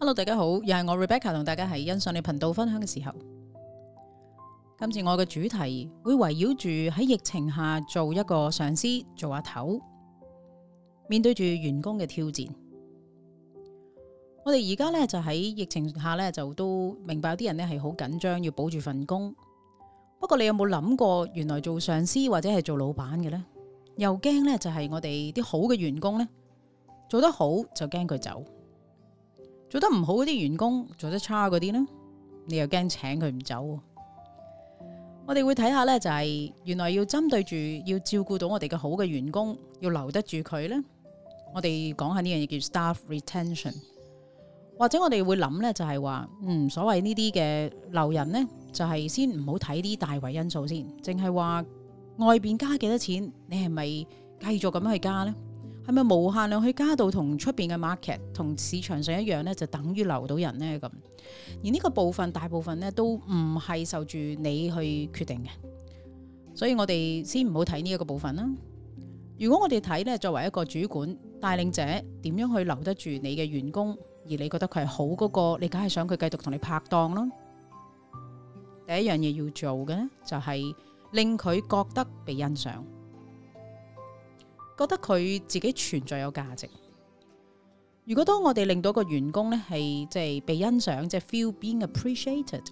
Hello，大家好，又係我 Rebecca 同大家係欣賞你頻道分享嘅時候。今次我嘅主題會圍繞住喺疫情下做一個上司，做阿頭，面對住員工嘅挑戰。我哋而家咧就喺疫情下咧就都明白有啲人咧係好緊張要保住份工。不過你有冇諗過，原來做上司或者係做老闆嘅咧，又驚咧就係我哋啲好嘅員工咧做得好就驚佢走。做得唔好啲員工，做得差嗰啲呢，你又驚請佢唔走？我哋會睇下呢，就係原來要針對住要照顧到我哋嘅好嘅員工，要留得住佢呢。我哋講下呢樣嘢叫 staff retention，或者我哋會諗呢，就係話，嗯，所謂呢啲嘅留人呢，就係先唔好睇啲大圍因素先，淨係話外邊加幾多錢，你係咪繼續咁樣去加呢？係咪無限量去加到同出邊嘅 market 同市場上一樣咧，就等於留到人咧咁？而呢個部分大部分咧都唔係受住你去決定嘅，所以我哋先唔好睇呢一個部分啦。如果我哋睇咧，作為一個主管帶領者，點樣去留得住你嘅員工，而你覺得佢係好嗰個，你梗係想佢繼續同你拍檔咯。第一樣嘢要做嘅咧就係令佢覺得被欣賞。覺得佢自己存在有價值。如果當我哋令到個員工咧係即係被欣賞，即係 feel being appreciated，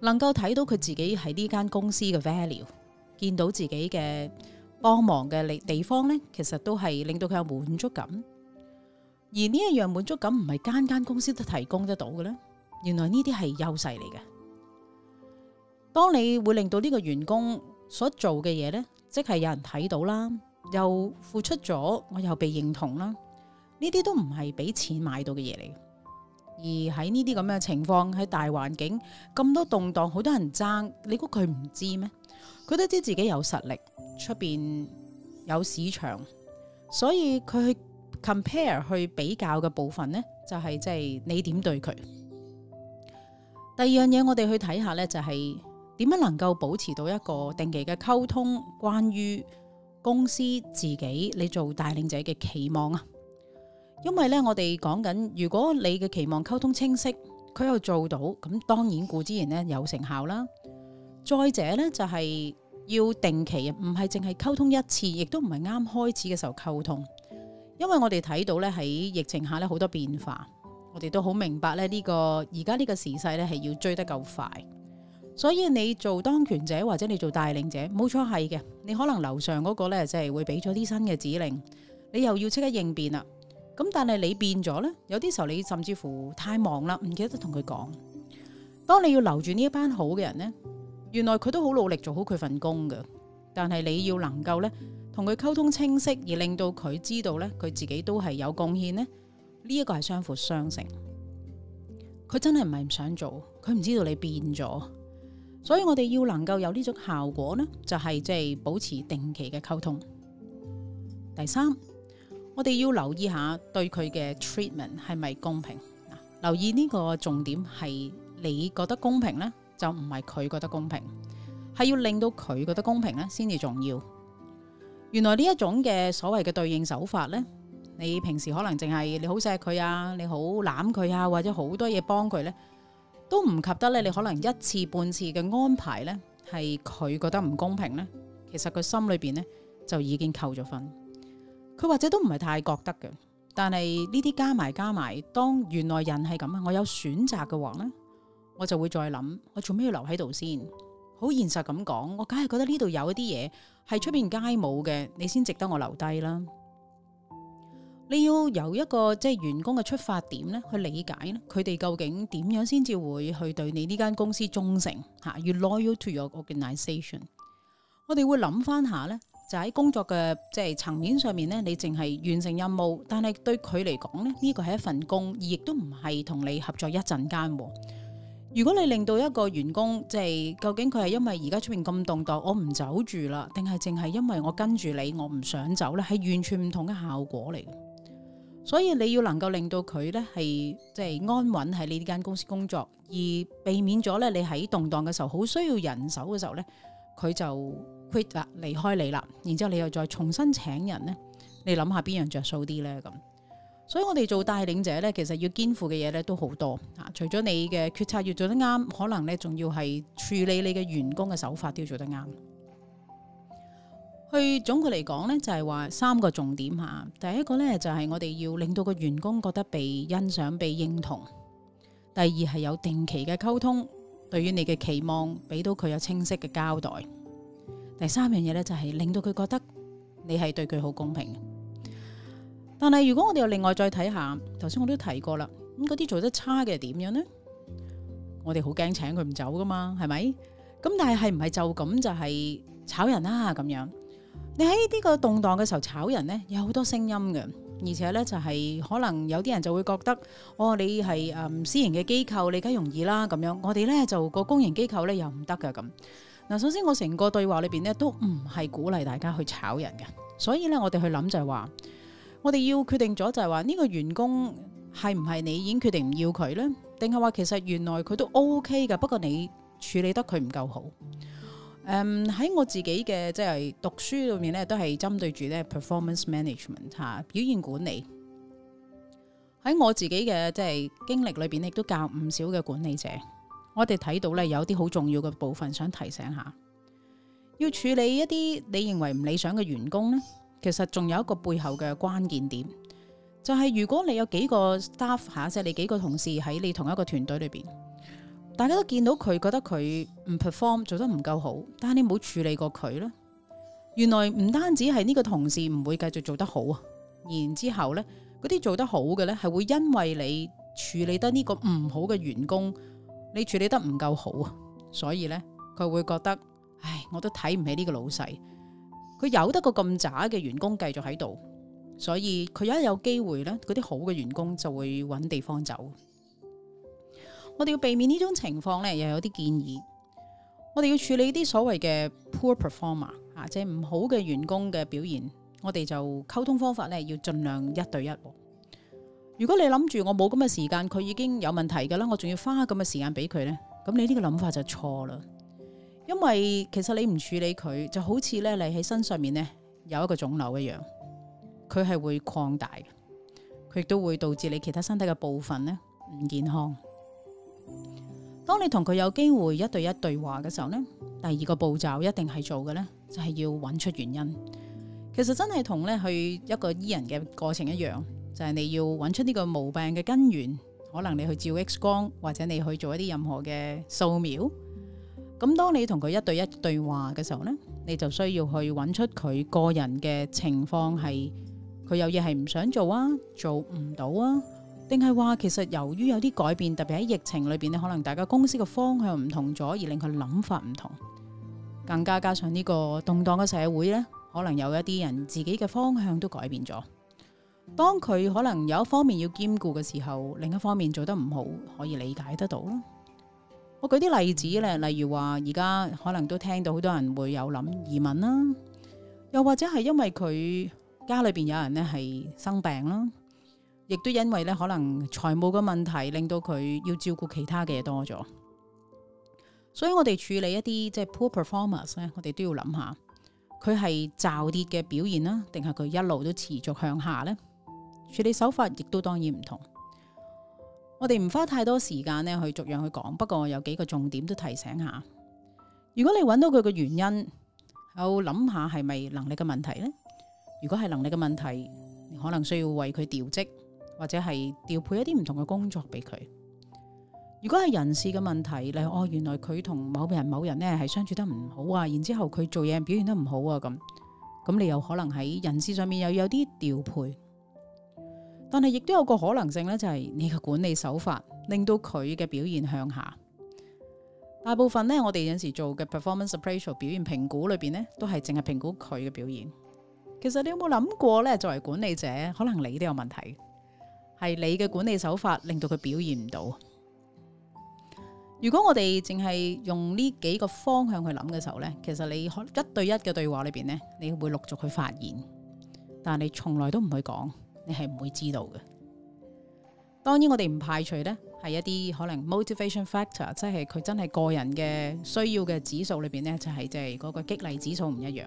能夠睇到佢自己喺呢間公司嘅 value，見到自己嘅幫忙嘅地方咧，其實都係令到佢有滿足感。而呢一樣滿足感唔係間間公司都提供得到嘅咧。原來呢啲係優勢嚟嘅。當你會令到呢個員工所做嘅嘢咧，即係有人睇到啦。又付出咗，我又被認同啦。呢啲都唔係俾錢買到嘅嘢嚟。而喺呢啲咁嘅情況，喺大環境咁多動盪，好多人爭，你估佢唔知咩？佢都知自己有實力，出邊有市場，所以佢去 compare 去比較嘅部分呢，就係即係你點對佢。第二樣嘢，就是，我哋去睇下呢，就係點樣能夠保持到一個定期嘅溝通，關於公司自己你做帶領者嘅期望啊，因為咧我哋講緊，如果你嘅期望溝通清晰，佢又做到，咁當然固之然咧有成效啦。再者咧就係要定期，唔係淨係溝通一次，亦都唔係啱開始嘅時候溝通，因為我哋睇到咧喺疫情下咧好多變化，我哋都好明白咧呢個而家呢個時勢咧係要追得夠快，所以你做當權者或者你做帶領者，冇錯係嘅。你可能樓上嗰個咧，即係會俾咗啲新嘅指令，你又要即刻應變啦。咁但係你變咗咧，有啲時候你甚至乎太忙啦，唔記得同佢講。當你要留住呢一班好嘅人咧，原來佢都好努力做好佢份工㗎。但係你要能夠咧同佢溝通清晰，而令到佢知道咧佢自己都係有貢獻咧，呢一個係相輔相成。佢真係唔係唔想做，佢唔知道你變咗。所以我哋要能夠有呢種效果呢，就係即係保持定期嘅溝通。第三，我哋要留意下對佢嘅 treatment 係咪公平。留意呢個重點係你覺得公平呢，就唔係佢覺得公平，係要令到佢覺得公平呢先至重要。原來呢一種嘅所謂嘅對應手法呢，你平時可能淨係你好錫佢啊，你好攬佢啊，或者好多嘢幫佢呢。都唔及得咧，你可能一次半次嘅安排咧，係佢覺得唔公平咧。其實佢心裏邊咧就已經扣咗分。佢或者都唔係太覺得嘅，但係呢啲加埋加埋，當原來人係咁啊，我有選擇嘅話咧，我就會再諗，我做咩要留喺度先？好現實咁講，我梗係覺得呢度有一啲嘢係出邊街冇嘅，你先值得我留低啦。你要由一個即係員工嘅出發點咧，去理解咧，佢哋究竟點樣先至會去對你呢間公司忠誠吓，越 loyal to your organisation。我哋會諗翻下咧，就喺工作嘅即係層面上面咧，你淨係完成任務，但係對佢嚟講咧，呢個係一份工，亦都唔係同你合作一陣間。如果你令到一個員工即係究竟佢係因為而家出邊咁動盪，我唔走住啦，定係淨係因為我跟住你，我唔想走咧，係完全唔同嘅效果嚟。所以你要能夠令到佢咧係即係安穩喺你呢間公司工作，而避免咗咧你喺動盪嘅時候，好需要人手嘅時候咧，佢就 quit 啦，離開你啦。然之後你又再重新請人咧，你諗下邊樣着數啲咧咁。所以我哋做帶領者咧，其實要肩負嘅嘢咧都好多啊。除咗你嘅決策要做得啱，可能咧仲要係處理你嘅員工嘅手法都要做得啱。佢總括嚟講咧，就係話三個重點吓。第一個咧就係我哋要令到個員工覺得被欣賞、被認同。第二係有定期嘅溝通，對於你嘅期望，俾到佢有清晰嘅交代。第三樣嘢咧就係令到佢覺得你係對佢好公平。但係如果我哋又另外再睇下，頭先我都提過啦，咁嗰啲做得差嘅點樣呢？我哋好驚請佢唔走噶嘛，係咪？咁但係係唔係就咁就係炒人啊咁樣？你喺呢個動盪嘅時候炒人呢，有好多聲音嘅，而且呢，就係、是、可能有啲人就會覺得，哦，你係誒、嗯、私營嘅機構，你梗容易啦咁樣。我哋呢就個公營機構呢，又唔得嘅咁。嗱，首先我成個對話裏邊呢，都唔係鼓勵大家去炒人嘅，所以呢，我哋去諗就係話，我哋要決定咗就係話呢個員工係唔係你已經決定唔要佢呢？定係話其實原來佢都 O K 噶，不過你處理得佢唔夠好。誒，喺我自己嘅即係讀書裏面咧，都係針對住咧 performance management 吓，表現管理。喺我自己嘅即係經歷裏邊，亦都教唔少嘅管理者。我哋睇到咧，有啲好重要嘅部分，想提醒下，要處理一啲你認為唔理想嘅員工咧，其實仲有一個背後嘅關鍵點，就係如果你有幾個 staff，吓，即係你幾個同事喺你同一個團隊裏邊。大家都見到佢覺得佢唔 perform 做得唔夠好，但係你冇處理過佢啦。原來唔單止係呢個同事唔會繼續做得好啊，然之後咧嗰啲做得好嘅咧，係會因為你處理得呢個唔好嘅員工，你處理得唔夠好啊，所以咧佢會覺得，唉，我都睇唔起呢個老細。佢有得個咁渣嘅員工繼續喺度，所以佢一有機會咧，嗰啲好嘅員工就會搵地方走。我哋要避免呢種情況咧，又有啲建議。我哋要處理啲所謂嘅 poor performer 啊，即係唔好嘅員工嘅表現，我哋就溝通方法咧，要盡量一對一。如果你諗住我冇咁嘅時間，佢已經有問題噶啦，我仲要花咁嘅時間俾佢咧，咁你呢個諗法就錯啦。因為其實你唔處理佢就好似咧，你喺身上面咧有一個腫瘤一樣，佢係會擴大嘅，佢亦都會導致你其他身體嘅部分咧唔健康。當你同佢有機會一對一對話嘅時候，呢第二個步驟一定係做嘅，呢就係、是、要揾出原因。其實真係同咧去一個醫人嘅過程一樣，就係、是、你要揾出呢個毛病嘅根源。可能你去照 X 光，或者你去做一啲任何嘅掃描。咁、嗯、當你同佢一對一對話嘅時候，呢你就需要去揾出佢個人嘅情況，係佢有嘢係唔想做啊，做唔到啊。定係話，其實由於有啲改變，特別喺疫情裏邊咧，可能大家公司嘅方向唔同咗，而令佢諗法唔同。更加加上呢個動蕩嘅社會呢，可能有一啲人自己嘅方向都改變咗。當佢可能有一方面要兼顧嘅時候，另一方面做得唔好，可以理解得到啦。我舉啲例子咧，例如話而家可能都聽到好多人會有諗移民啦，又或者係因為佢家裏邊有人咧係生病啦。亦都因為咧，可能財務嘅問題令到佢要照顧其他嘅嘢多咗，所以我哋處理一啲即係 poor performance 咧，我哋都要諗下佢係驟跌嘅表現啦，定係佢一路都持續向下咧？處理手法亦都當然唔同。我哋唔花太多時間咧去逐樣去講，不過有幾個重點都提醒下。如果你揾到佢嘅原因，有諗下係咪能力嘅問題咧？如果係能力嘅問題，可能需要為佢調職。或者係調配一啲唔同嘅工作俾佢。如果係人事嘅問題，例如哦，原來佢同某人某人咧，係相處得唔好啊，然之後佢做嘢表現得唔好啊，咁咁你又可能喺人事上面又有啲調配。但係亦都有個可能性咧，就係你嘅管理手法令到佢嘅表現向下。大部分咧，我哋有陣時做嘅 performance appraisal 表現評估裏邊咧，都係淨係評估佢嘅表現。其實你有冇諗過咧？作為管理者，可能你都有問題。係你嘅管理手法令到佢表現唔到。如果我哋淨係用呢幾個方向去諗嘅時候咧，其實你一對一嘅對話裏邊咧，你會陸續去發現，但係你從來都唔會講，你係唔會知道嘅。當然我哋唔排除咧，係一啲可能 motivation factor，即係佢真係個人嘅需要嘅指數裏邊咧，就係即係嗰個激勵指數唔一樣。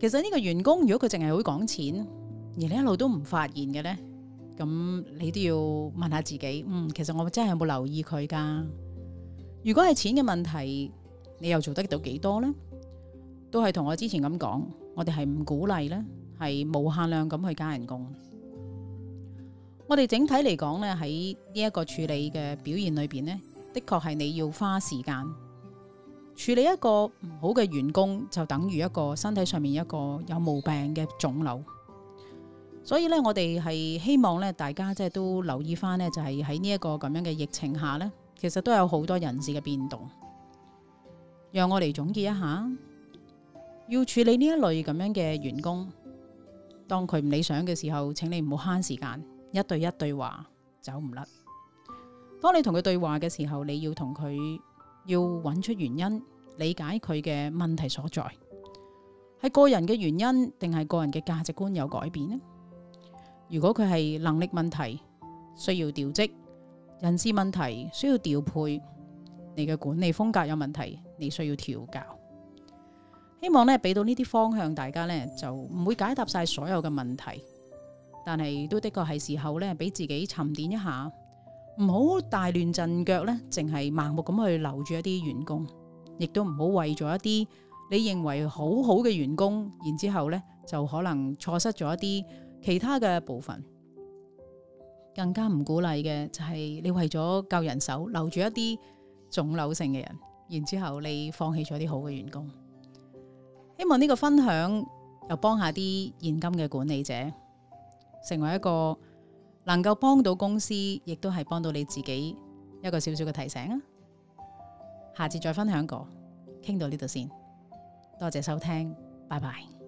其實呢個員工如果佢淨係會講錢，而你一路都唔發現嘅咧。咁你都要問下自己，嗯，其實我真係有冇留意佢噶？如果係錢嘅問題，你又做得到幾多呢？都係同我之前咁講，我哋係唔鼓勵咧，係無限量咁去加人工。我哋整體嚟講咧，喺呢一個處理嘅表現裏邊呢，的確係你要花時間處理一個唔好嘅員工，就等於一個身體上面一個有毛病嘅腫瘤。所以咧，我哋係希望咧，大家即係都留意翻，呢就係喺呢一個咁樣嘅疫情下呢，其實都有好多人事嘅變動。讓我嚟總結一下，要處理呢一類咁樣嘅員工，當佢唔理想嘅時候，請你唔好慳時間，一對一對話，走唔甩。當你同佢對話嘅時候，你要同佢要揾出原因，理解佢嘅問題所在。係個人嘅原因，定係個人嘅價值觀有改變咧？如果佢係能力問題，需要調職；人事問題需要調配；你嘅管理風格有問題，你需要調教。希望咧俾到呢啲方向，大家咧就唔會解答晒所有嘅問題，但係都的確係時候咧俾自己沉澱一下，唔好大亂陣腳咧，淨係盲目咁去留住一啲員工，亦都唔好為咗一啲你認為好好嘅員工，然之後咧就可能錯失咗一啲。其他嘅部分更加唔鼓勵嘅，就係你為咗救人手，留住一啲腫瘤性嘅人，然之後你放棄咗啲好嘅員工。希望呢個分享又幫下啲現今嘅管理者，成為一個能夠幫到公司，亦都係幫到你自己一個少少嘅提醒。下次再分享過，傾到呢度先，多謝收聽，拜拜。